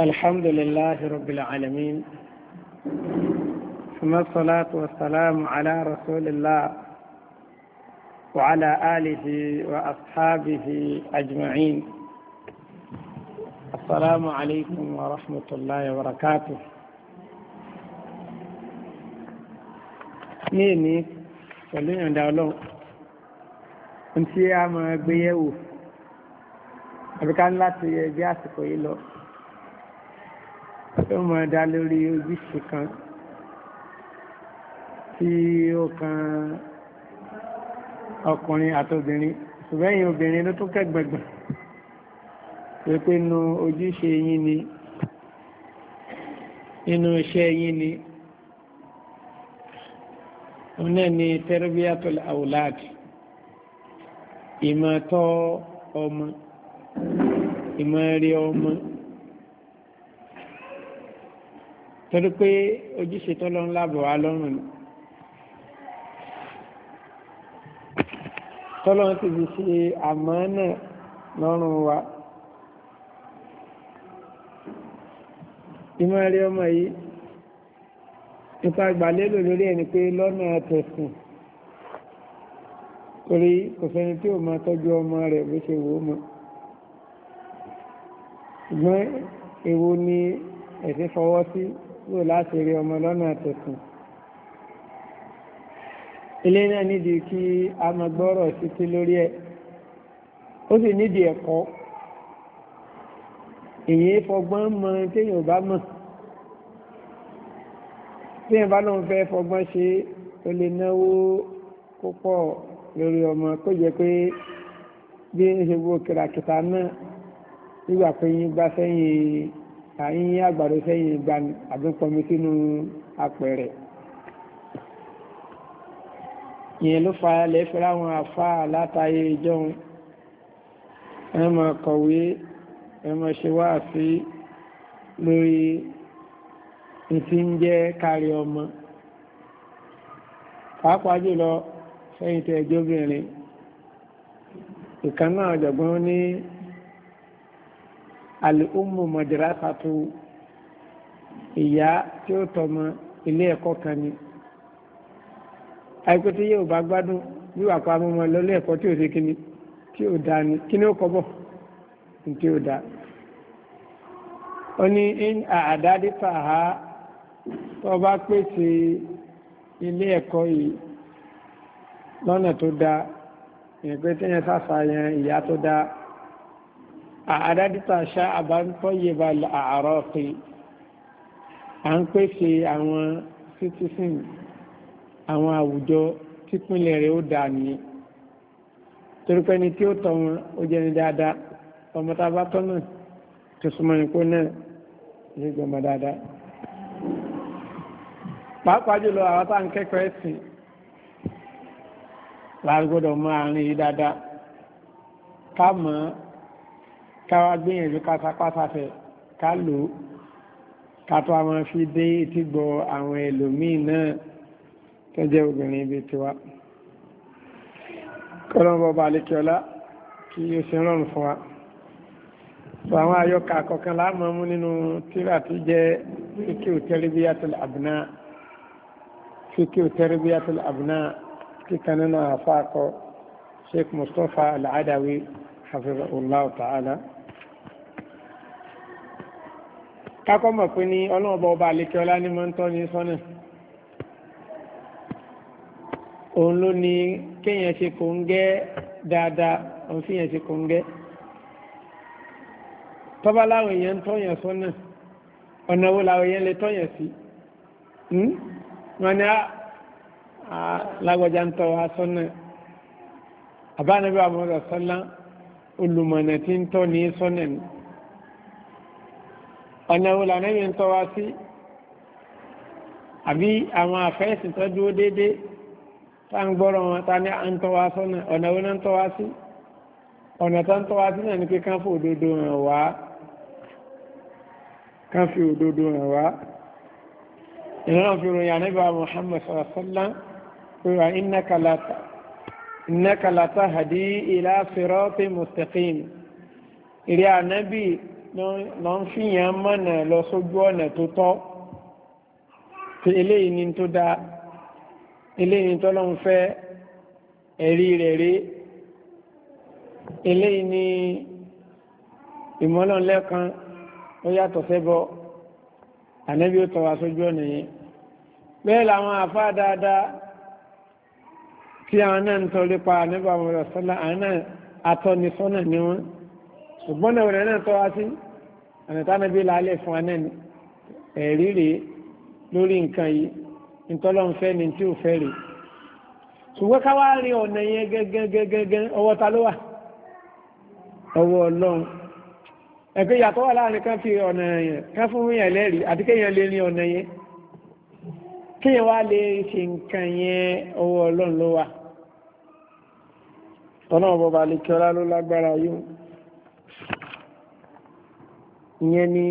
الحمد لله رب العالمين ثم الصلاة والسلام على رسول الله وعلى آله وأصحابه أجمعين السلام عليكم ورحمة الله وبركاته ميني èmi pẹ̀lú ìyọ̀ǹda انتي tí a àbíká ńlá ti yẹ bí àsìkò yìí lọ ó mọ̀ dá lórí ojúṣe kan tí ó kan ọkùnrin àtobìnrin ṣùgbẹ́yìn obìnrin ló tún kẹ́gbẹ̀gbẹ̀ wípé nu ojúṣe yín ni nínú iṣẹ́ yín ni òun náà ni tẹ́rẹ́bíyàtọ̀ àwòláàdì ìmọ̀tọ́ ọmọ ìmọ̀ẹ̀rẹ̀ ọmọ torí pé ojúṣe tọ́lọ́ ńlá bọ̀ wá lọ́rùn ni tọ́lọ́ ti fi ṣe àmọ́ náà lọ́rùn wa ìmọ̀ẹ̀rẹ̀ ọmọ yìí nípa ìgbàlélò lórí ẹni pé lọ́nà tẹ̀sùn torí kò sẹ́ni tí ò máa tọ́jú ọmọ rẹ̀ bó ṣe wò ó mọ́ ṣùgbọ́n èwo ni ẹ̀sìn fọwọ́ sí wò láti rí ọmọ lọ́nà tẹ̀sùn ilé náà nídìí kí a máa gbọ́rọ̀ títí lórí ẹ̀ ó sì nídìí ẹ̀kọ́ èyí fọgbọ́n mọ téèyàn bá mọ̀ téèyàn bá lóun fẹ́ fọgbọ́n ṣe ó lè náwó púpọ̀ lórí ọmọ kó jẹ́ pé bí ń ṣe gbó kìràkìtà náà nígbà pé yín gbá sẹ́yìn àyín àgbàdo sẹ́yìn gbani àbí pọnmi sínú apẹ̀rẹ̀ ìyẹn ló fa lẹ́fẹ́ láwọn afá látàyè ìjọun ẹ máa kọ̀wé ẹ máa ṣe wá sí lórí ìtí ń jẹ́ kárí ọmọ pàápàá jùlọ sẹ́yìn tẹ̀ ẹjọ́ obìnrin ìkan náà ní alùmù madrasatu ìyá tí ó tọmọ ilé ẹ̀kọ́ kan ni àìpé tí yóò bá gbádùn bí wàá pa ọmọ lọlé ẹ̀kọ́ tí ò ṣe kíni tí ò dáa ni kíni ó kọ́ bọ̀ tí ó dáa ó ní àdádífà ha tó bá pèsè ilé ẹ̀kọ́ yìí lọ́nà tó dáa ìyẹn pé ìyá tó dáa. a adádítà ṣáàbà ń tọ́yẹ̀ bá àárọ̀ pé à ń pèsè àwọn citizen àwọn àwùjọ típínlẹ̀ rẹ̀ ó dà nìyẹn torí pé ni tí ó tọ́ wọn ó jẹ́ ní dáadáa ọmọ bá tọ́ náà tó súnmọ́ ní kó náà lè gbọ́mọ dáadáa pàápàá jùlọ àwọn tá à ń kẹ́kọ̀ọ́ ẹ̀sìn láàrín gbọ́dọ̀ mọ àárín yìí dáadáa ká mọ̀ ọ́ káwá gbìyànjú kásápásáfẹ́ ká lò ó ká tó àwọn fi dé etí gbọ́ àwọn ẹlòmíì náà tó jẹ́ obìnrin ibi tiwa kọ́lọ́mọba àlékiọlá kí o ṣe rọrùn fún wa sọ àwọn àyọkà kọ̀ọ̀kan láàmú mú nínú tíra tó jẹ́ fíkì tẹ́rìbíyàtìl àbùná fíkì nínú àfáàkọ Sheikh Mustapha Al-Adawi hafizahullahu ta'ala. kákọ́ mọ̀ pé ní ọlọ́run ọba ọba àlekẹ́ ọlá ní máa ń tọ́ ní sọ́nà òun ló ní kéèyàn ṣe kò ń gẹ́ dáadáa òun sì yẹn ṣe kò ń gẹ́ tọ́ba láwọn èèyàn ń tọ́yàn sọ́nà ọ̀nà wo làwọn èèyàn lè tọ́yàn sí hmm? wọn ni alágbọ̀já ah, ń tọ́ wa sọ́nà àbánabí wa mọ̀ ọ́ olùmọ̀nà tí ń tọ́ ní sọ́nà ni ọ̀nà wo lànà yìí ń tọ́ wa sí àbí àwọn àfẹ́sì tó dúró déédéé tá ń gbọ́rọ̀ wọn tá ní à ń tọ́ wa sọ́nà ọ̀nà wo náà ń tọ́ wa sí ọ̀nà tó ń tọ́ wa sí náà ni pé kán fi òdodo hàn wá kán fi òdodo hàn wá ìran fi ròyìn àníbà Muhammad sọ̀rọ̀sọ́lá pẹ̀lú ìnákàlátà hadi ila sirati mustaqim ìrí ànábì lọ ń fìyàn mọ̀nà lọ sójú ọ̀nà tó tọ́ pé eléyìí ni tó dáa eléyìí ni tọ́lọ́run fẹ́ ẹ̀rí rẹ̀ rí eléyìí ni ìmọ̀lọ́nlẹ́kan ó yàtọ̀ sẹ́bọ̀ ànẹ́bí ó tọ́wà sójú ọ̀nà yẹn bẹ́ẹ̀ làwọn àfá dáadáa tí àwọn náà ń tọ́lé pa ànẹ́bí àwọn ọ̀sọ́lá àwọn náà atọ́nisọ́nà ni wọ́n ṣùgbọ́n náà rẹ̀ náà tọ́ wá sí ọ̀nà tánàbí lálẹ́ fún anẹ́ ni ẹ̀rí rèé lórí nǹkan yìí ntọ́lọ́nfẹ́ ni tí ò fẹ́ rèé ṣùgbọ́n ká wá rí ọ̀nà yẹn gẹ́gẹ́gẹ́gẹ́ ọwọ́ ta ló wà ọwọ́ ọlọ́run ẹ̀pẹ́ yàtọ̀ wà láàrin ká fi ọ̀nà yẹn ká fún yẹn lẹ́rìí àti kéèyàn lè rí ọ̀nà yẹn kéèyàn wá lè ṣe nǹkan yẹn ọwọ́ ọlọ́run ló wà tọ́nà ọ̀bọ̀bà lè kí ọlá ló lágbára yóò ìyẹn ni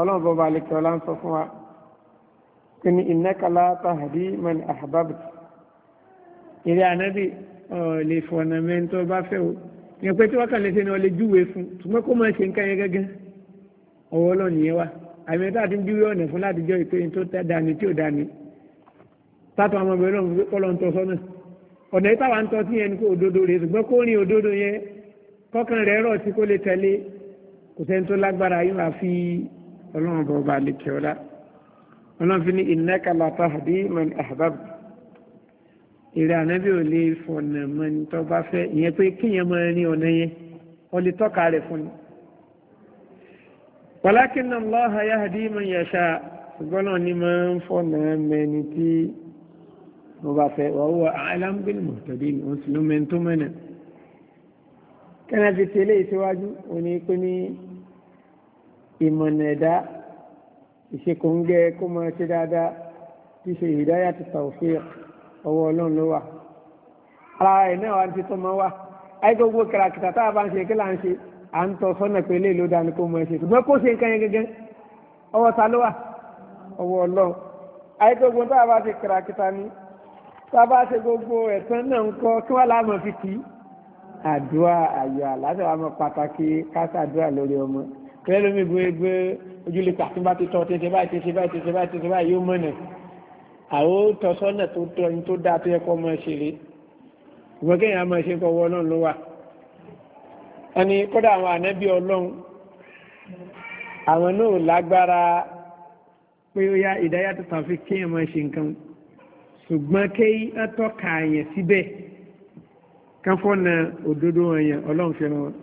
ọlọ́run bọ́ba alẹ́kẹ́ ọlá ń sọ fún wa pé ní innaka la tahdi man ahbabta eré anábì lè fọ̀nà mẹ́ńtọ́ bá fẹ́ o ìyẹn pé tí wọ́n kàn lè ṣe ni wọ́n lè júwèé fún ṣùgbọ́n kó máa ṣe nǹkan yẹn gẹ́gẹ́ ọwọ́ ọlọ́run yẹn wá àmì ẹ̀ta àti júwèé ọ̀nà fún láti jọ ìpè tó dání tí ò dání tátọ̀ àwọn ọmọ ìlú kọ́lọ́ ń tọ́ sọ́nà ọ̀nà ìtawà ń tọ́ sí yẹn ni kó òdodo rè ṣùgbọ́n kó rìn òdodo yẹn kọ́kàn rẹ̀ rọ̀ sí kó lè tẹ̀lé kò sẹ́ni tó lágbára yìí máa fi ọlọ́run bọ̀ bá lè kẹ́ ọ lá ọlọ́run fi ní innaka la tahdi man ahbabta èrè ànábì ò lè fọ̀nà mọ́ ni tó bá fẹ́ ìyẹn pé kéèyàn máa rin ọ̀nà yẹn ọ lè tọ́ka rẹ̀ fún ni. walakinna Allaha yahdi man yasha ṣùgbọ́n náà ni máa ń fọ̀nà mẹ́ni tí mo bá fẹ́ wà wúwa a'lam bil tẹ̀lé ìṣíwájú ìmọ̀nà ẹ̀dá ìṣekùngẹ́ kó mọ ṣe dáadáa tí ṣe ìdáyà ti tawfiq ọwọ́ ọlọ́run ló wà ara ẹ̀ náà wà ti tọ́mọ wà ayé gbogbo kìràkìtà tá a bá ń ṣe kí là ń ṣe à ń tọ́ sọ́nà pé eléyìí ló dání kó mọ ṣe ṣùgbọ́n kó ṣe nǹkan yẹn gẹ́gẹ́ ọwọ́ ta ló wà ọwọ́ ọlọ́run ayé gbogbo tá a bá ṣe kìràkìtà ni tá a bá ṣe gbogbo ẹ̀sán náà ń kọ́ kí wọ́n láàmú fi kì í àdúrà àyọ̀ àlàáfíà wà pàtàkì ká kẹ́lẹ́ lómi gbogbo ojúlé pàtó bá ti tọ́ tẹ́tẹ́ báyìí tẹ́tẹ́ báyìí tẹ́tẹ́ báyìí tẹ́tẹ́ báyìí yóò mọ̀nà àwọn tọ́sọ́nà tó tọ́ ní tó dáa tó yẹ kọ́ mọ́ ṣe rèé ìwọ́n kéèyàn máa ṣe kọ́wọ́ ọlọ́run ló wà ẹni kódà àwọn ànábì ọlọ́run àwọn náà lágbára pé ó yá ìdáyà tó tàfi kéèyàn máa ṣe nǹkan ṣùgbọ́n kéyí ẹ tọ́ka àyàn síbẹ̀ káfọ́nà òdodo wọn ọlọ́run fẹ́ràn wọn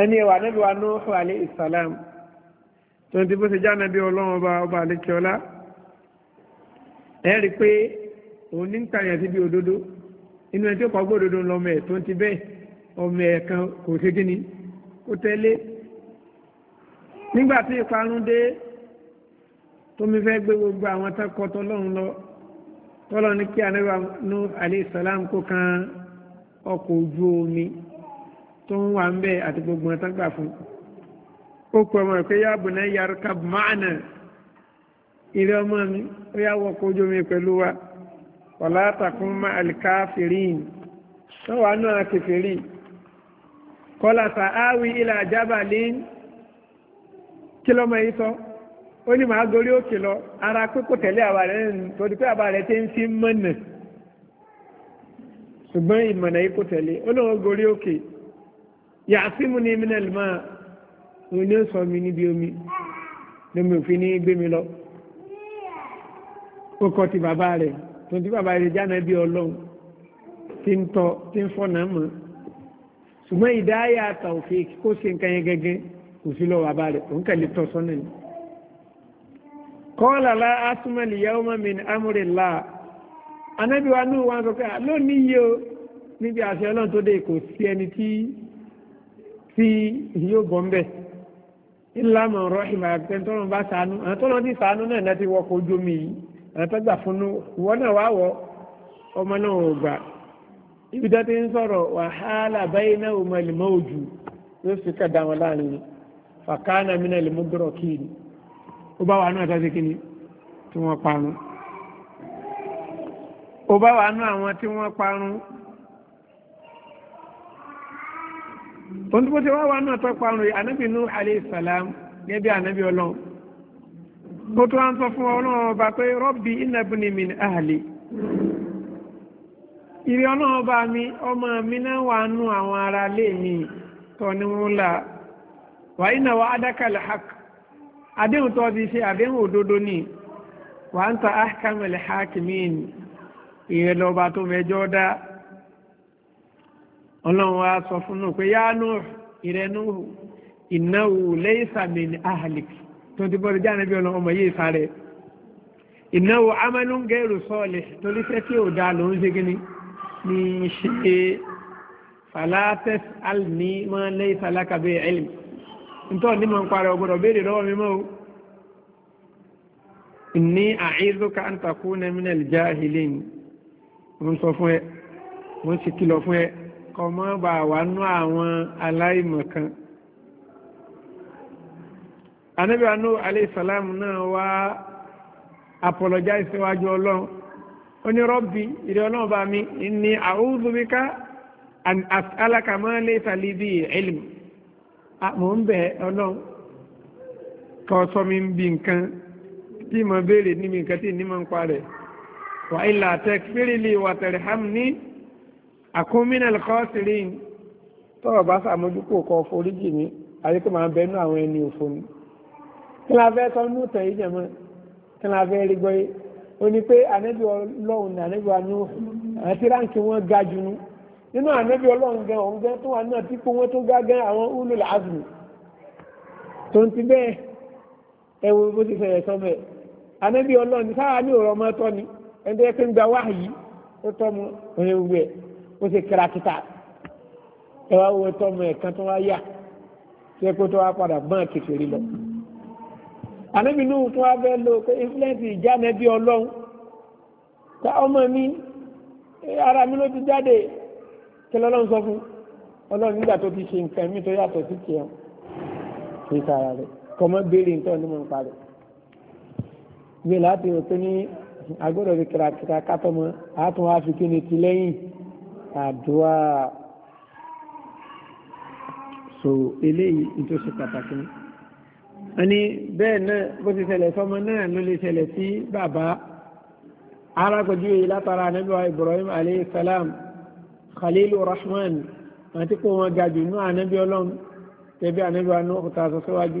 ẹni ẹwà nílùú anúhù alẹ́ ìsàlám tó ń ti bó ṣe jáde bí ọlọ́run ọba ọba àlekíọ́lá ẹ rí i pé òun ní ń tàyàn síbi òdodo inú ẹni tí ó kọ́ gbódodo ń lọ́mọ ẹ̀ tó ń ti bẹ́ẹ̀ ọmọ ẹ̀ kan kò ṣe kí ni kó tẹ́lẹ̀ nígbà tí ìparun dé tómi fẹ́ gbé gbogbo àwọn tẹ́kọ̀ọ́ tọ́lọ́run lọ tọ́lọ́ ní kí anábà alẹ́ ìsàlám kó kan ọkọ̀ ojú omi tó ń wà ń bẹ́ àti gbogbo ẹ̀ tán gbà fún ó kọ́ ọmọ pé yáàbù náà yàrá kábù máàna ìrẹ́ ọmọ mi ó yà wọ kó ojú mi pẹ̀lú wa wàlá àtàkùn má àlìká fèrèyìn tó wà náà kẹfẹ́rì kọ́lá sa áwì ilà àjábà lé kílọ́mọ yìí sọ ó ní màá gorí òkè lọ ara pé tẹ̀lé àwa rẹ̀ ń torí pé àwa rẹ̀ ti ń fi mọ̀nà ṣùgbọ́n ìmọ̀nà yìí kò tẹ̀lé ó lóun gorí òkè yàtìmù ní minal ma òun ní sọ mi níbi omi lómi òfin ní gbé mi lọ ó kọ ti bàbá rẹ̀ tòun ti bàbá rẹ̀ jáná bí ọlọ́run tí ń tọ́ tí ń fọ́nà mọ́ ṣùgbọ́n ìdáyà tàwùfẹ́ kó ṣe nǹkan yẹn gẹ́gẹ́ kò sí lọ bàbá rẹ̀ òun kàn tọ́ sọ́nà ni. kọ́ńlá la asúmọ̀lì yàwó mọ́mi ní amúrè la anábìwá nù wọn sọ pé lónìí yìí o níbi àṣẹ ọlọ́run tó dé kò sí ẹni tí tí yóò bọ̀ ńbẹ̀ ìlànà ọ̀rọ̀ ìmọ̀ àtẹ̀ntọ́nù bá sànú àtọ́nà ti sànú náà láti wọkọ̀ ojú omi yìí àtọ́gbà fúnnú ìwọ náà wá wọ ọmọ náà ò gbà ibi tó ti ń sọ̀rọ̀ wàhálà báyìí náà ò mọ ìlímọ̀ òjò yóò sì kàdá wọn láàrin fàkánà mí náà ìlímọ̀ dọ̀rọ̀ kí ni ó bá wà nù àtàtì kí ni tí wọ́n parun ó bá wà àwọn tí wọ́n parun tontu bó wa wá wà náà tọ́ anabi nu alayhi salam gẹ́gẹ́ anabi ọlọ́run tó tó à ń sọ fún ọba rabbi inna ibni min ahli Iri ọlọ́run ọba mi ọmọ mi na wà mi tọ́ ni wọ́n la wà le wa'adaka al-haqq àdéhùn ni wa anta ahkamul hakimin ọlọ́run wa sọ fún náà pé yá nù ìrẹ́nù ìnáwó lẹ́yìnsàmì ní ahalik tó ti bọ́ ìjà níbi ọlọ́run ọmọ yìí sáré ìnáwó amánúngẹ́rù sọ́ọ̀lẹ̀ torí fẹ́ tí ò da lòún ṣe kí ní ṣe falates alni máa lẹ́yìn sálákà ẹ̀lìm nítorí ní màá ń parẹ́ ọgbọ́dọ̀ béèrè lọ́wọ́ mi mọ́ o ní àìzúkà ń takú nẹ́mínẹ́lì jáhìlín mo ń sọ fún ẹ mo ń ṣe kìlọ̀ fún ẹ kọmọ bá wà nú àwọn aláìmọ̀kan anabi anu salam náà wá apologize síwájú ọlọ́run ó ní rọ́bì ìdí ọlọ́run bá mi ní a'udhu bika an as'alaka ma laysa li bi ilm mò ń bẹ̀ ọlọ́run kọ́ sọ mi bí nǹkan tí mo béèrè níbi nǹkan tí ní mo ń parẹ́ wa illa takfirli wa tarhamni àkúnmínà lọ́kọ́sìrì tọ́rọ̀ bá sàmójúkò kọ foríjì ní àríkò máa ń bẹnu àwọn ẹni òfo ni kí la fẹ́ sọ nínú tẹ̀yí jẹ̀mọ́ kí la fẹ́ rí gbọ́yé ó ní pé ànábì ọlọ́run ní ànábì wa ní àti ráǹkì wọn ga jù nú nínú ànábì ọlọ́run gan òun gan tó wà náà tí kò wọ́n tó ga gan àwọn ulul azmi tó ń ti bẹ́ẹ̀ ẹ wo bó ti fẹ̀yẹ̀ sọ bẹ́ẹ̀ ànábì ọlọ́run sáà ní òrọ̀ ọmọ tọ́ ni ẹni tó yẹ kí ń gba wáhì ó tọ́ mu òye gbogbo ẹ̀ ó ṣe kírakítà ẹ wá wo tọmọ ẹ kan tó wá yà tí ẹ kó tó wá padà bọ́n kìfèrí lọ. ànábì nù fún wa fẹ́ lo pé influence ìjánẹbí ọlọ́run ta ọmọ mi ara mi ló ti jáde kí lọ́lọ́run sọ fún ọlọ́run nígbà tó ti ṣe nǹkan mi tó yàtọ̀ sí tiẹ̀ kì sára rẹ̀ kọ́mọ́ béèrè nǹkan ní mò ń parẹ́ gbé láti rò pé ní agbọ́dọ̀ lè kírakíra kátọ́mọ́ àátún wá fi kí ni ti lẹ́yìn àdúrà so eléyìí tó ṣe pàtàkì ni wọ́n ní bẹ́ẹ̀ náà bó ti ṣẹlẹ̀ sọmọ náà ló lè ṣẹlẹ̀ sí bàbá arákọ̀jú yìí látara ànábì wa Ibrahim alayhi salam Khalilu Rahman àti kó wọn ga jù ní ànábì ọlọ́run tẹ̀bí ànábì wa ní ọkùnrin síwájú.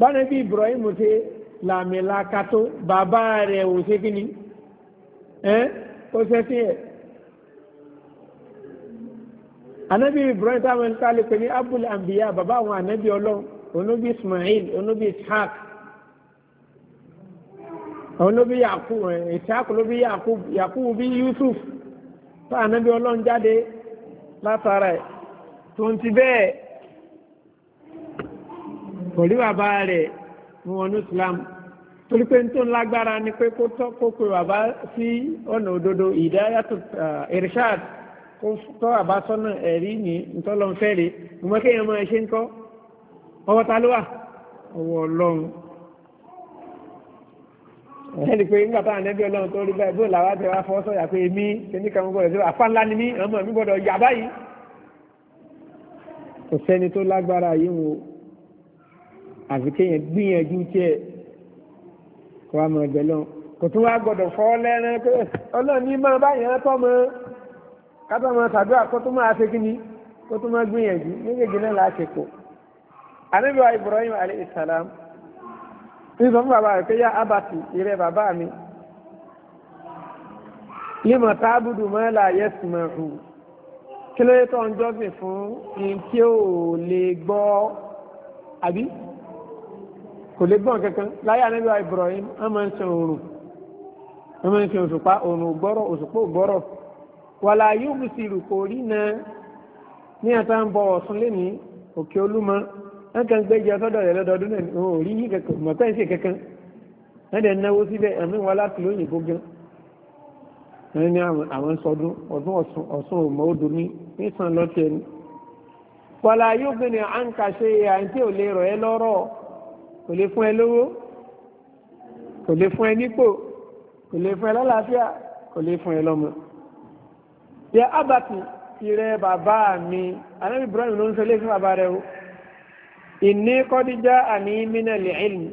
bánàbí Ibrahim ṣe làmìlaka tó bàbá rẹ̀ ò ṣe kí ni ẹ́ ó ṣẹ́ sí ẹ̀ anabi ibrahim táwọn ẹni káàlẹ̀ pé ní abul anbiya bàbá àwọn anabi ọlọ́run onubi ismail onubi ishaq onubi yakub ishaq onubi yakub yakub bi yusuf tó anabi ọlọ́run jáde látara ẹ̀ tó ń ti bẹ́ẹ̀ pẹ̀lú bàbá rẹ̀ ní wọn ní islam torí pé tó ń lágbára ni pé kó tọ́ kó pe bàbá sí ọ̀nà òdodo ìdáyàtọ̀ irishad. Uh, kó tọ́ àbásọ́nà ẹ̀rí ní ntọ́lọ́nfẹ́rẹ́ ìmọ̀ kéèyàn máa ṣe ń kọ́ ọwọ́ ta ló wà ọwọ́ ọlọ́run ẹni pé nígbà táwọn ẹbí ọlọ́run tó rí báyìí bóyá làwọn àti ẹwà fọwọ́ sọ̀yà pé èmi kìíní kan gbọ́dọ̀ sí àpá ńlá ni mí ọmọ mi gbọ́dọ̀ yà báyìí kò sẹ́ni tó lágbára yìí wo àfi kéèyàn gbìyànjú tiẹ̀ kó wá mọ̀ ẹgbẹ́ lọ́n kò tún wá gbọ́dọ̀ fọ́ lẹ́rán pé ọlọ́run ní máa báyìí rán tọ́ mọ́ kátó máa tàdúrà kó tó máa ṣe kíni kó tó máa gbìyànjú méjèèjì náà láti kó ànábì wa Ibrahim alayhi salam ní sọ fún bàbá rẹ̀ pé yá abati ìrẹ́ bàbá mi lima tábùdù mọ́lá yẹ́sùmọ̀hù kí ló yẹ tó ń jọ́sìn fún ní tí ó lè gbọ́ àbí kò lè gbọ́n kankan láyé anábíwá Ibrahim wọ́n ń ṣe òrùn wọ́n ń ṣe òṣùpá òrùn ògbọ́rọ̀ òṣùpá ògbọ́rọ̀ wàlá yóò bù sí ìrù kò rí na ní ata ń bọ ọ̀sán lé ní òkè olúmọ wọn kàn gbé jẹ ọsọdọ rẹ lọdọọdún náà ò rí yí kankan mọ pẹ́ǹsì kankan wọn dẹ̀ náwó síbẹ̀ àmì wọn láti lóyìnbó gan wọn ní àwọn ń sọdún ọdún ọ̀sán òmò odò ní nísàn lọ́tì ẹni. wàlá yóò gbé ní à ń kàṣe àǹtí ò lè rọ̀ ẹ́ lọ́rọ̀ kò lè fún ẹ lówó kò lè fún ẹ nípò kò lè fún ẹ lálàáfíà kò lè fún ẹ lọ́mọ yẹ abati ìrẹ bàbá mi anabi ibrahim ló ń sọ léṣe bàbá rẹ o ìní kọ́díjà àní mínàlì ìlmi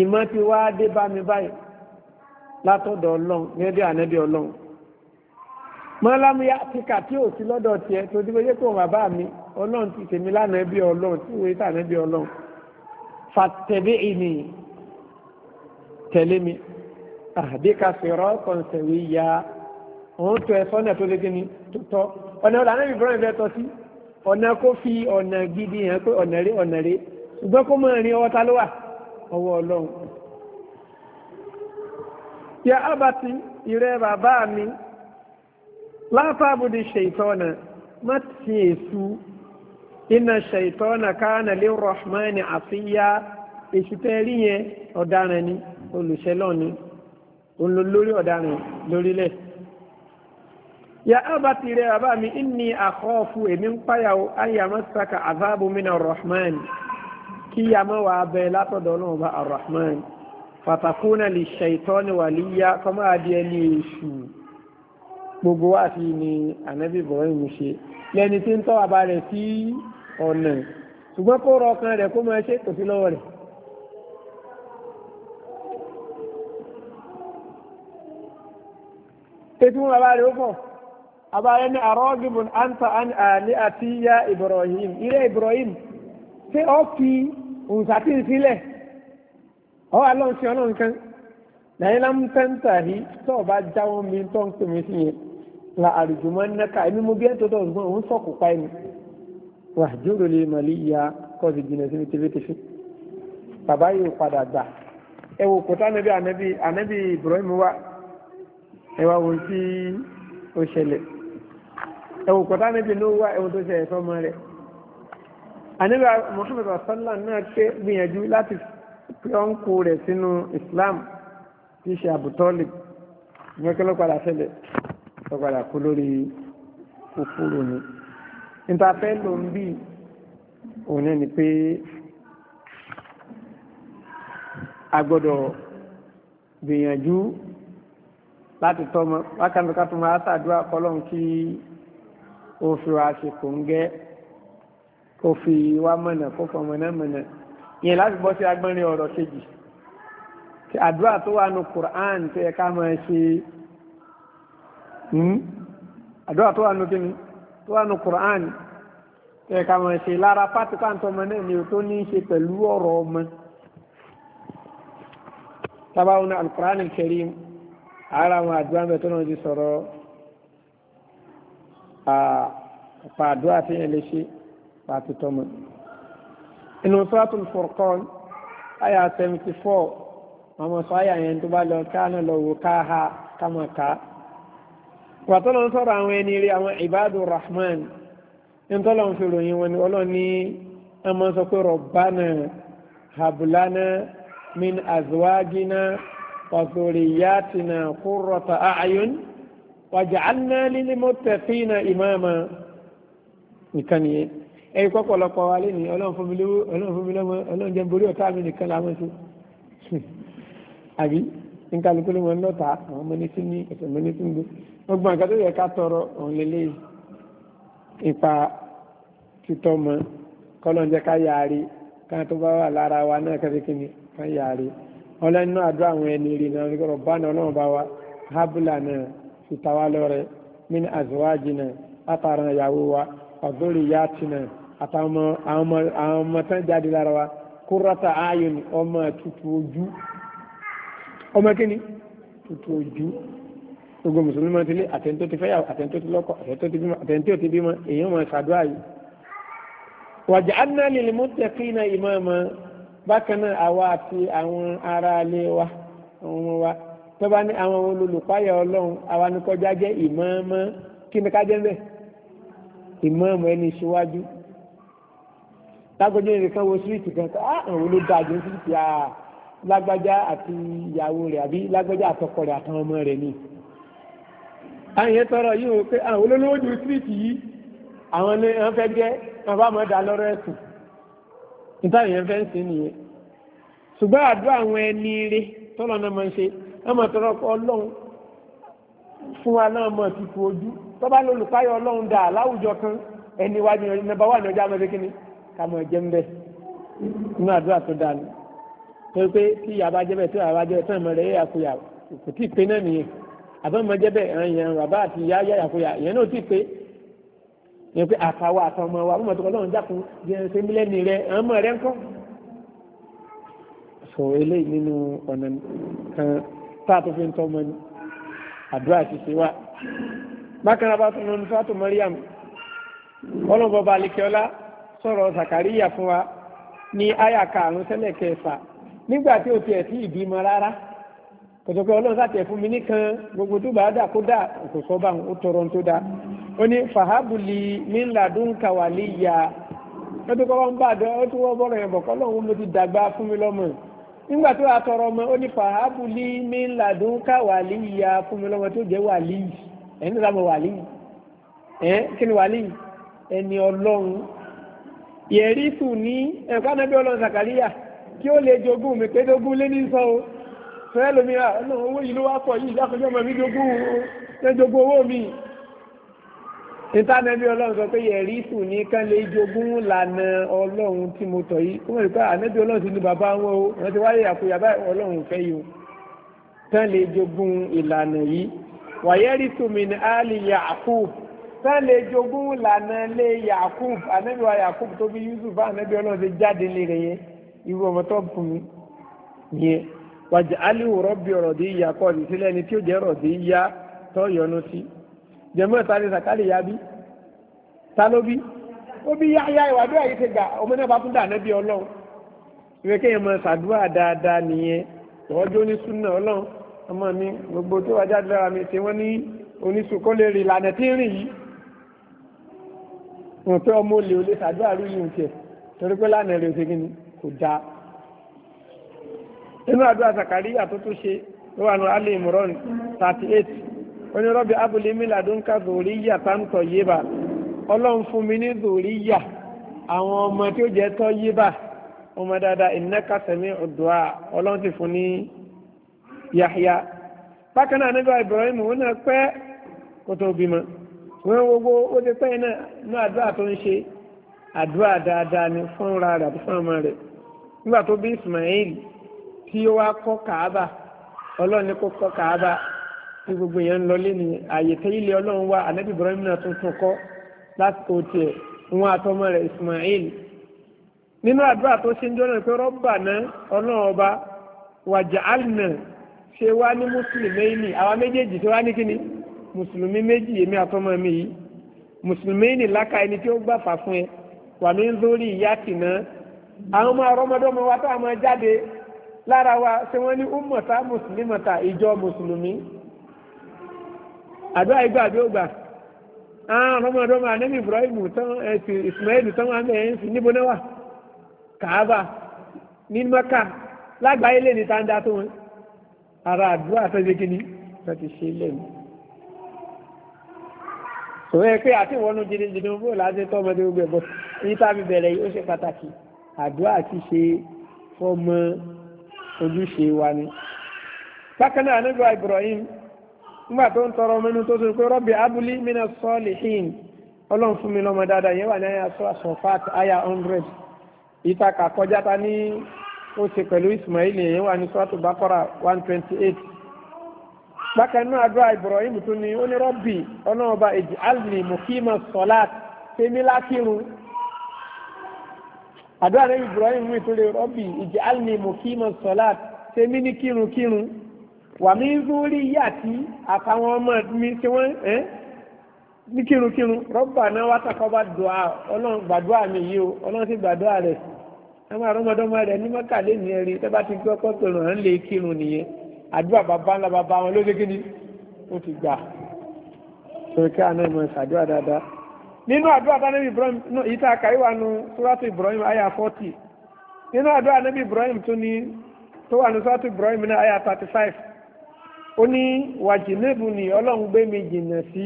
ìmọ̀ ti wá dé bá mi báyìí látọ̀dọ̀ ọlọ́run gẹ́gẹ́ bí anabi ọlọ́run mọ́lámù yá kíkà tí ò sí lọ́dọ̀ tiẹ̀ tó dé pé bàbá mi ọlọ́run ti tèmi lánàá bí ọlọ́run tí wòye tà náà ọlọ́run fàtẹ̀bí ìní tẹ̀lé mi àdékàfẹ́rọ́ kọ̀ǹsẹ̀wé ya. òun tọ́ ẹ sọ́nà tó lé kíni tó tọ́ ọ̀nà ọ̀là anábì Ibrahim fẹ́ tọ́ sí ọ̀nà fi ọ̀nà gidi pé ọ̀nà ọ̀nà ṣùgbọ́n kó mọ̀ ọwọ́ ta ló wà ọwọ́ Ọlọ́run. ya abati ìrẹ́ bàbá mi má ti iná tẹ́ rí yẹn ọ̀daràn ni olùṣẹ́lọ́ ni ọ̀daràn ya abati rẹ bàbá mi inni akhafu èmi ń páyà o an yamassaka azabu min arrahman kí yàmọ́ wà bẹ látọ̀dọ̀ náà bá arrahman fatakuna li shaitani waliya kọ́mọ́ adìẹ ní èṣù gbogbo wa ti ni anabi ibrahim ṣe lẹni tí ń tọ́ àbá rẹ̀ sí ṣùgbọ́n kó rọ ọkàn rẹ̀ kó máa ṣe kò lọ́wọ́ rẹ̀. ètò wọn bàbá rẹ̀ ó pọ̀ abáyé ní arọ́gìbùn anta an àlẹ́ àti ya ibrahim ilé ibrahim ṣé ó fi òǹsàtì sílẹ̀ ọ́ alọ́nsí ọlọ́run kan lẹ́yìn lámúntẹ́ntà yìí tó o bá jáwọ́ mi tó ń pè mí sí yẹn la àrùjùmọ́ nẹ́ka èmi mo bí ẹ̀ tó dọ̀tún òun sọ̀kù pa ẹni wà jòrò lè màlí ya kọ́ọ̀sì jìnnà sí mi tẹ́fẹ́tẹ́fẹ́ bàbá yóò padà gbà ẹ wò kó anabi anabi anabi ibrahim wa ẹ wá wọn tí ó ṣẹlẹ̀ ẹ̀wù kọ̀tà níbi ló wá ẹ̀wù tó ṣe ẹ̀fọ́ mọ́ rẹ̀ àníbà Muhammad asalla náà ké gbìyànjú láti pé ọ̀nkù rẹ̀ sínú Islam tí í ṣe àbùtọ́lì mẹ́kẹ́ ló padà ṣẹlẹ̀ ló padà kú lórí kúkúrú ni ìtafẹ́ ló ń bí òun ni pé a gbọ́dọ̀ gbìyànjú láti tọ́ ọmọ wákàtí ká tó máa ṣàdúrà kọ́lọ́n kí ó fi wá ṣe kò ń gẹ́ kó fi wá mọ̀nà kó fọ mọ̀nàmọ̀nà yẹn láti bọ́ sí agbọ́nrin ọ̀rọ̀ kejì tí àdúrà tó wà ní Qur'an tó yẹ ká máa ṣe hmm? àdúrà tó wà ní kíni tó wà ní Qur'an tó yẹ ká máa ṣe lára pátápátá ọmọ náà ni tó ní í ṣe pẹ̀lú ọ̀rọ̀ ọmọ tábàwọn Al-Qur'an Al-Karim ara àwọn àdúrà mẹ́tọ́ náà ti sọ̀rọ̀ pàdó àtẹ̀yìn lè ṣe pàtó tọmọ. inú sọ́ọ̀tún furqan àyà seventy four àwọn sọ àyà yẹn tó bá lọ káàánú lọ wò káàhá kàmọ̀ká. wàtọ́ lọ sọ̀rọ̀ àwọn ẹni ibadu rahman nítorí àwọn fi ròyìn wọn ni ọlọ́ni a máa sọ habulana min azwajina wa zuriyatina qurrata wàjàánà lílímọ́tẹ̀fínà ìmáàmà nìkan nìyẹn ẹ̀yìn pọ́pọ̀lọpọ̀ wa lé ní ọlọ́run fún mi lówó ọlọ́run fún mi lọ́mọ mi nìkan làwọn ṣe àbí nkálukú ló mọ lọ́ta àwọn ọmọ ní sínú tọrọ ipa títọ́ mọ fi ta wá lọ́rẹ min azwajina látara ìyàwó wa ọ̀dọ́rìyàtìnà àtàwọn ọmọ tán jáde lára wa kurata ayùn ọmọ tutù ojú ọmọ kíni tutù ojú gbogbo mùsùlùmí ti lé àtẹ̀ntó ti fẹ́yàwó àtẹ̀ntó ti lọ́kọ àtẹ̀ntó ti bímọ àtẹ̀ntó ti bímọ èèyàn mọ̀ ṣàdúrà yìí. waj'alna lil muttaqina imama bákan náà àwa àti àwọn ará wa àwọn ọmọ wa tọ́ba ní àwọn olùlùpáyà ọlọ́run àwa ni kọjá jẹ́ ìmọ̀ọ́mọ́ kí ni ká jẹ́ bẹ́ẹ̀ ìmọ̀ọ́mọ́ ẹni ṣíwájú lágbájá nìkan wo síríìtì kan ká àwọn olódàájú síríìtì à lágbájá àti ìyàwó rẹ̀ àbí lágbájá àtọkọ rẹ̀ àtàwọn ọmọ rẹ̀ ni. àwọn yẹn tọrọ yìí wò pé àwọn olólùwò ju síríìtì yìí àwọn ni wọn fẹ́ jẹ́ wọn bá mọ̀ dá lọ́rọ̀ ẹ̀sùn nítorí yẹn fẹ́ ń ọmọ tọrọ kọ ọlọ́run fún wa náà mọ̀ ti kú ojú tó bá lólùpáyọ̀ ọlọ́run dà láwùjọ kan ẹni wájú nàbà wà ní ọjà mọ́tò kínní ká mọ̀ jẹ́ ń bẹ́ inú àdúrà tó dáa ni torí pé tí ìyá bá jẹ́ bẹ́ẹ̀ tó yàrá jẹ́ tán mọ̀rẹ́ yàkuyà kò tí ì pé náà nìyẹn àbọ̀mọ̀ jẹ́ bẹ́ẹ̀ ẹ̀ràn yẹn bàbá àti ìyá yàkuyà ìyẹn náà tí ì pé yẹn pé àtàwọn àtọmọ wa fún mọ̀tòkọ́ lọ́run jákun jẹ́ ṣe mílẹ́ni rẹ àwọn ọmọ rẹ ń sọ eléyìí nínú ọ̀nà kan táàtò fi ń tọ́mọ ni àdúrà ti bákan náà Mariam ọlọ́bọ̀ bá sọ̀rọ̀ Zakariya fún wa ní àyà karùn sẹ́lẹ̀ kẹfà nígbà tí o tiẹ̀ sí ìbímọ rárá kòtò ọlọ́run sàtẹ̀ fún mi nìkan gbogbo tó bá dà kó dà kò sọ bá ń ya ó tó kọ́ wọn bá dọ́ nígbà tó wàá tọrọ ọmọ ó ní fàhábùlì mi ń làdún ká wàlí ìyá fún mi lọ́mọ tó jẹ́ wàlí ẹ̀ ní sábà wàlí ẹ̀ kí ni wàlí ẹni ọlọ́run yẹ̀rísù ní ẹ̀kọ́ anábí ọlọ́run sàkàríyà kí ó lè jogún mi pé dógún lé ní sọ o fẹ́ lómi à owó yìí ló wá pọ̀ yìí lákòjọ́ mọ̀ mi jogún owó mi ìtànẹ́bí ọlọ́run sọ pé yẹ̀rí ìsù ní kán lè jogún lànà ọlọ́run tí mo tọ̀ yìí wọ́n rí pé ànẹ́bí ọlọ́run ti ní bàbá wọn o wọ́n ti wáyé àkóyà báyìí ọlọ́run fẹ́ yìí o kán lè jogún ìlànà yìí wàyẹ́rì tùmí ní àlì yakub kán lè jogún lànà lé yakub ànẹ́bí wa yakub tó bí yusuf ànẹ́bí ọlọ́run ti jáde lé rẹ̀ yẹn irú ọmọ tó fún yẹn wàjà aliwu jẹ̀mọ́ ta ni zakari ya bí ta ló bí ó bí yáyá ìwádìí àyè ti gbà ọmọ náà bá tún dà nẹ́bí ọlọ́run ìwé kéèyàn máa ṣàdúrà dáadáa nìyẹn ìwọ́jọ́ ní súnà ọlọ́run ọmọ mi gbogbo tó wájà dára mi ṣe wọ́n ní oníṣòkó lè rìn ìlànà tí ń rìn yìí wọn pé ọmọ olè olè ṣàdúrà rú yìí ń torí pé lánàá rẹ̀ òṣèlú ni kò dáa inú àdúrà zakari yà ṣe ló wà ní alẹ́ ìmọ̀ràn thirty eight onírọ́bì abúlé mílàdúnkà zòríyà táǹtọ̀ yébà ọlọ́run fún mi ní zòríyà àwọn ọmọ tí ó jẹ́ tọ́ yébà ọmọ dáadáa ìnáka sẹ̀mí ọ̀dùà ọlọ́run ti fún ní yahya bákan náà nígbà ibrahim wọn náà pẹ́ kó tó bímọ wọn gbogbo ó ti pẹ́ náà ní àdúrà tó ń ṣe àdúrà dáadáa ni fúnra rẹ̀ àti fún ọmọ rẹ̀ nígbà tó bí ismail tí ó wá kọ́ kàába ọlọ́run ní kó kọ́ kàába tí gbogbo yẹn ń lọlé ni àyè tẹ ilé ọlọ́run wá anabi ibrahim náà tuntun kọ́ lásìkò tiẹ̀ wọn àtọmọ rẹ̀ ismail nínú àdúrà tó ṣe ń jọ náà pé rọ́bà náà ọlọ́run ọba wàjàálnà ṣe wá ní mùsùlùmí àwa méjèèjì tó wá ní kíni mùsùlùmí méjì èmi àtọmọ mi yìí mùsùlùmí ní láka ẹni tí ó gbàfà fún ẹ wà mí ń lórí ìyá tìǹà àwọn ọmọ àrọmọdọ́mọ wa tó àwọn jáde lára wa ṣé wọn ní ummata muslimata ìjọ mùsùlùmí àdúrà igbá àdúrà ògbà àwọn ọmọdọ́mọ anẹ́bí Ibrahim ẹ̀sìn Ismail tán wà mẹ́rin sí níbo náà wà Kaaba ní Maka lágbàáyé lè ní táńdá tó wọn ara àdúrà àtọ́jú kíní láti ṣe lẹ́nu sọ yẹ pé àti ìwọ́nú jìnnìjìnnì fún ìlàjẹ tó ọmọdé gbogbo ẹ̀bọ ní tábí bẹ̀rẹ̀ yìí ó ṣe pàtàkì àdúrà àti ṣe fọmọ ojúṣe wa ni bákan náà nígbà Ibrahim nígbà tó ń tọrọ ọmọ inú tó sọ pé rọ́bì abúlé mina sọ́ọ̀lì hìn ọlọ́run fún mi lọ́mọ dáadáa yẹn wà ní àyà sọ́ àsọ̀fàt àyà hundred ìtaka kọjá ta ní ó ṣe pẹ̀lú Ismail yẹn wà ní sọ́ọ̀tù bákọ́rà one twenty eight bákan náà àdúrà Ibrahim tún ní ó ní rọ́bì ọlọ́ọ̀ba èjì alni mukima sọ́láàt tèmi lákìrún àdúrà náà Ibrahim mi tún lè rọ́bì èjì alni mukima sọ́láàt tèmi ní kírun kírun wàmí zúrí yàtí àtàwọn ọmọ mi tí wọ́n ẹ́ ní kírunkírun rọ́bà náà wá takọ́bá dùá ọlọ́run gbàdúrà mi yìí o ọlọ́run sì gbàdúrà rẹ̀ ẹ máa rọ́mọdọ́mọ rẹ̀ ní mọ́kàlẹ́ ní ẹ̀rí tẹ́ bá ti gbọ́ pọ́pẹ́ ràn án lè kírun nìyẹn àdúrà bàbá ńlá bàbá wọn ló dé kíni ó ti gbà torí kí àná ìmọ̀ ìṣàdúrà dáadáa nínú àdúrà tá níbi Ibrahim yìí tá a kà wà nù sóràtù Ibrahim àyà fọ́tì nínú àdúrà níbi Ibrahim tó ní tó wà nù sóràtù Ibrahim ní àyà thirty five ó ní wàjìlébù ni ọlọ́run gbé mi jìnnà sí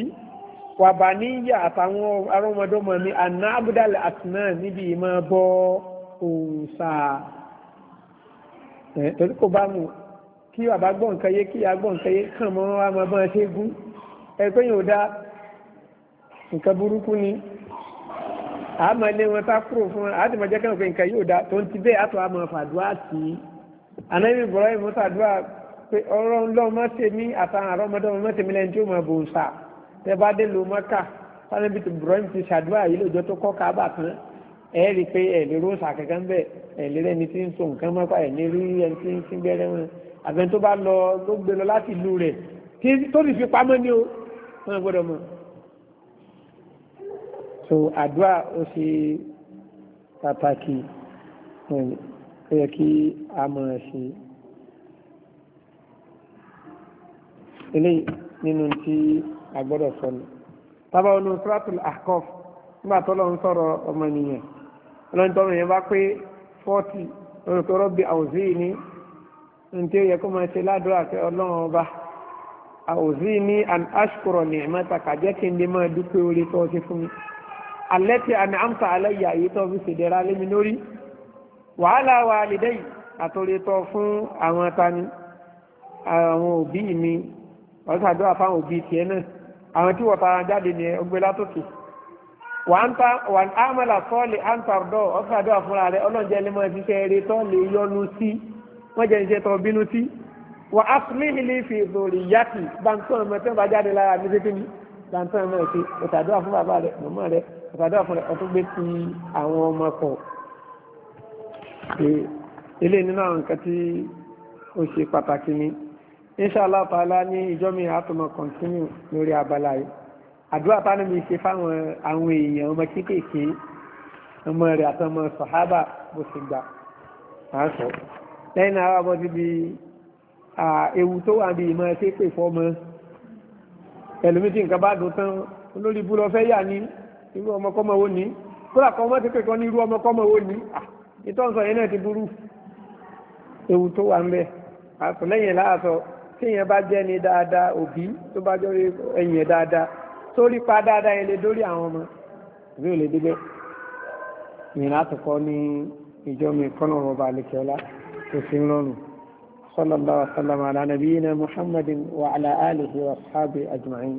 wàbà níyà àtàwọn arọ́mọdọ́mọ mi àná abudal asuna níbi ìmọ̀ bọ́ òòṣà ẹ̀ torí kò bá mu kí bàbá gbọ́ nǹkan yé kí ìyá gbọ́ nǹkan yé kàn mọ́ wa máa bọ́n ṣe gún ẹgbẹ́ yóò dá nǹkan burúkú ni a máa wọn tá kúrò fún wọn àti màjẹ́ kàn pé nǹkan yóò dá tó ń ti bẹ́ẹ̀ àtọ́ àmọ́ fàdúrà sí i ànábì Ibrahim fàdúrà pé ọ̀rọ̀ ńlọ mọ́tẹ́mí àtàwọn àrọ́mọdé ọmọ mọ́tẹ́mí lẹ́yìn tí ó máa bò ń sà tẹ́ bá dé lo mọ́kà sanabi tó Ibrahim ti ṣàdúrà yìí lọ́jọ́ tó kọ́ kábà tán ẹ rí i pé ẹ lè rọ́ọ̀sà kankan ń bẹ̀ ẹ lè rẹ́ni tí ń so nǹkan mọ́kà ẹ ní rí ẹni tí ń gbẹ́rẹ́ wọn àbẹ̀ tó bá lọ tó gbé lọ láti ìlú rẹ̀ tó sì fi pamọ́ ní o wọn gbọ́dọ̀ mọ̀ eléyìí nínú tí a gbọ́dọ̀ sọ ni tábà ọ̀nà suratul ahqaf nígbà tó lọ sọ̀rọ̀ ọmọ ènìyàn ọlọ́run tọ́mọ yẹn bá pé fọ́ọ̀tì lórí pé rọ́bì àwòzí ni ní tí ó yẹ kó máa ṣe ládùúrà pé ọlọ́run ọba àwòzí ni an ashkura ni'mata kàjẹ́ kí n lè máa dúpẹ́ orí tó ṣe fún mi alẹ́ tí àmì àmta aláyà èyí tó fi ṣèdẹ́ra lé mi lórí wàhálà wa lè àtòlétọ́ fún àwọn tani àwọn òbí mi wọ́n ṣàdúrà fáwọn òbí tiẹ̀ náà àwọn tí wọ́n fara jáde ní ọgbẹ́ látòkè wà á mọ̀lá sọ́ọ̀lì àǹtàrdọ̀ ọ̀ṣàdúrà fúnra rẹ̀ ọlọ́njẹ́ lè mọ̀ ṣiṣẹ́ eré tó lè yọnu sí wọ́n jẹ́ iṣẹ́ tó bínú sí wà á fún mi lè fi ìdòrì yàtì bàǹtọ́ ọmọ tó ń bá jáde lára mi ṣe kíni bàǹtọ́ ọmọ ẹ̀ ṣe fún bàbá rẹ̀ mọ̀mọ́ rẹ̀ ọ̀ṣàdúrà Inshallah inṣàlá tààlá a ìjọ́mi àtọmọ̀ kọ̀ntínú lórí abala yìí àdúrà tánà mi ṣe fáwọn àwọn èèyàn ọmọ kéékèèké ọmọ rẹ̀ àtọmọ sọ̀hábà bó ti gbà á sọ lẹ́yìn náà wà bọ́ síbi ewu tó wà bí ìmọ̀ ẹṣẹ́ pè fọ́mọ ẹlòmí tí nǹkan bá dùn tán olórí ibú lọ fẹ́ yà ní irú ọmọkọ́mọ wo ní kódà kọ́ ọmọ ti pè kọ́ ní irú ọmọkọ́mọ wo ní ìtọ́nsọ yẹn náà ti burú ewu tó wà ń bẹ àtọ̀lẹ́yìn láàtọ̀ téèyàn bá jẹ́ ni dáadáa òbí tó bá jọ ẹ̀yìn ẹ̀ dáadáa sórí pa dáadáa yẹn lè dórí àwọn ọmọ ìwé ò lè débẹ̀ ìrìn àtọ̀kọ́ ní ìjọ mi kọ́nà ọba àlekẹ́ọ́lá kò sí rọrùn sallallahu wa sallam ala nabiyyina muhammadin wa ala wa ashabi ajma'in